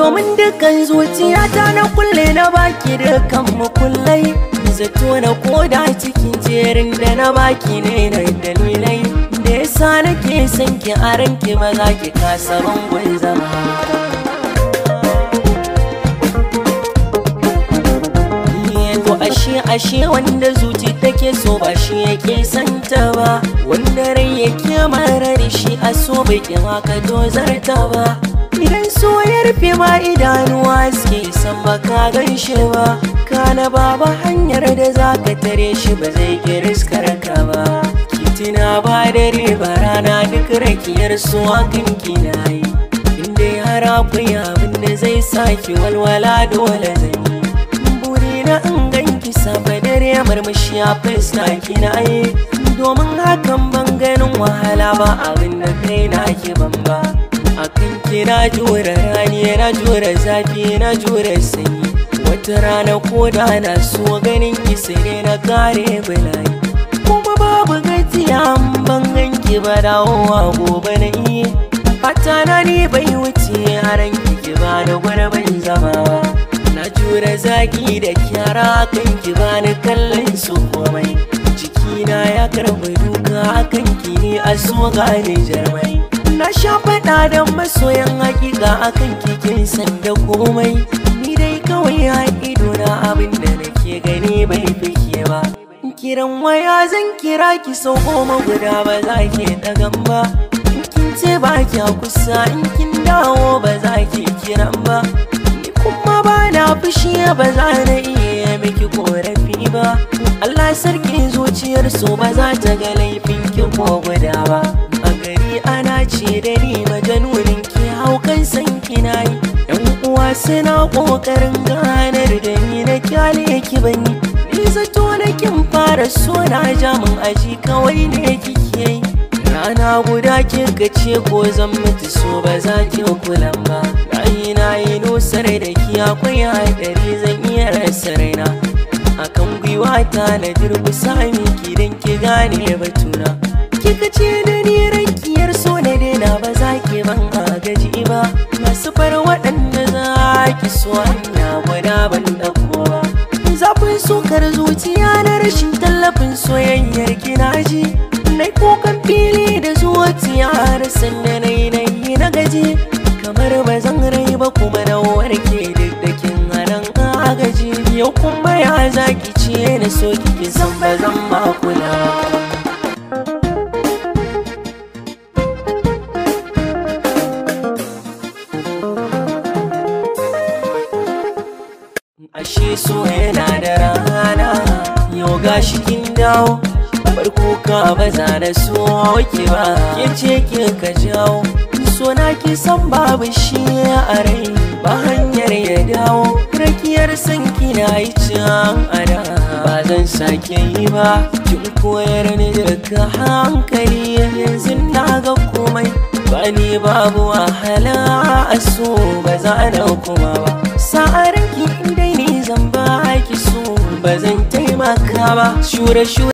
domin dukan zuciyata na kulle na baki dukan makullai zato na koda cikin jerin da na baki ne na dalilai da yasa nake son ki a ranki ba za ki kasa bangon zama eh, ashe ashe wanda zuci take so ba shi yake santa ba wanda rai yake marar shi a so bai kima ka dozarta ba idan soyar ya ma idanuwa suke san baka gan shi ba kana baba hanyar da za ka tare shi ba zai ki ba kitina ba dare ba rana duk rakiyar su akan kina yi inda har akwai abin da zai saki walwala dole zai burina in ganki safa dare marmashi a fesa na yi domin hakan ban ganin wahala ba abin da kai na ki ban ba ki na jure rani na jure zafi na jure sanyi wata rana ko da na so ganin ki sai na kare bala'i kuma babu gajiya ban ganki ba dawowa gobe na iya hatta na ni bai wuce haran ki ba da bai zama ba na jure zaki da kyara kan ki ba ni kallon su komai jikina ya karba duka kan ki ne a so gane jarmai na sha faɗa da masoyan hakika akan kikin sanda komai ni dai kawai a ido na abin da nake gani bai fike ba kiran waya zan kira ki sau goma guda ba za ki ɗagan ba kin ce ba kya kusa in kin dawo ba za ki kiran ba ni kuma ba na fushi ba za na iya miki korafi ba Allah sarki zuciyar so ba za ta ga laifin ki ko guda ba suna ƙoƙarin ganar da ni na kyale ki banyi ni zato na kin fara so na ja min aji kawai ne kike yi rana guda kin ce ko zan mutu so ba za ki kulan ba rayi na yi nosar da ki akwai haɗari zan iya rasa raina akan gwiwa ta na sami ki don ki gane batuna kika ce da ni rakiyar so na daina ba za ki ban gaji ba masu far waɗanda kasuwa na gwada ban ɗauko ba zafin sukar zuciya na rashin tallafin soyayyar ginaji na kokan fili da zuciya har sanda na yi na yi na gaji kamar ba zan rai ba kuma na warke duk da kin haran gaji yau kuma ya zaki ce na so kike zan ba zan ba kula ce so yana da rana yau gashi kin dawo farko ka baza da so ke ba ke ce ke ka jawo so na ki san babu shi a rai ba hanyar ya dawo rakiyar san na yi can ana ba zan sake yi ba kin koyar ni daga hankali yanzu na ga komai ba ni babu wahala a so ba za na kuma ba sa'a ba zan taimaka ba shure shure